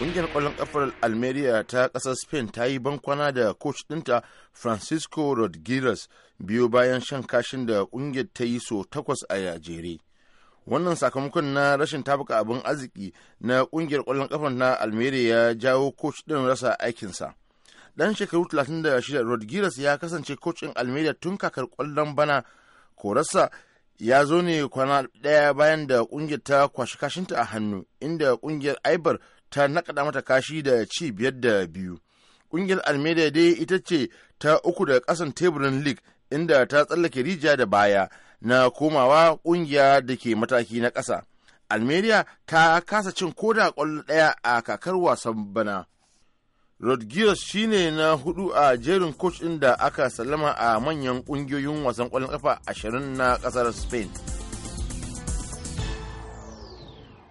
kungiyar kwallon kafar Almeria ta kasar Spain ta yi bankwana da coach dinta Francisco Rodriguez biyu bayan shan kashin da kungiyar ta yi so takwas a yajere Wannan sakamakon na rashin tabuka abin arziki na kungiyar kwallon kafar na Almeria ya jawo coach din rasa aikinsa. dan shekaru 36 Rodriguez ya kasance coach Almeria tun kakar kwallon bana korarsa ya zo ne kwana ɗaya bayan da kungiyar ta kwashi kashinta a hannu inda kungiyar Aibar ta naƙaɗa mata kashi da ci biyar da biyu ƙungiyar Almeria dai ita ce ta uku daga ƙasan teburin league inda ta tsallake rijiya da baya na komawa ƙungiya da ke mataki na ƙasa almeria ta kasa cin koda ƙwallo ɗaya a kakar wasan bana rodgers shine na hudu a jerin coach ɗin da aka sallama a manyan ƙungiyoyin wasan ƙwallon ƙafa ashirin na ƙasar spain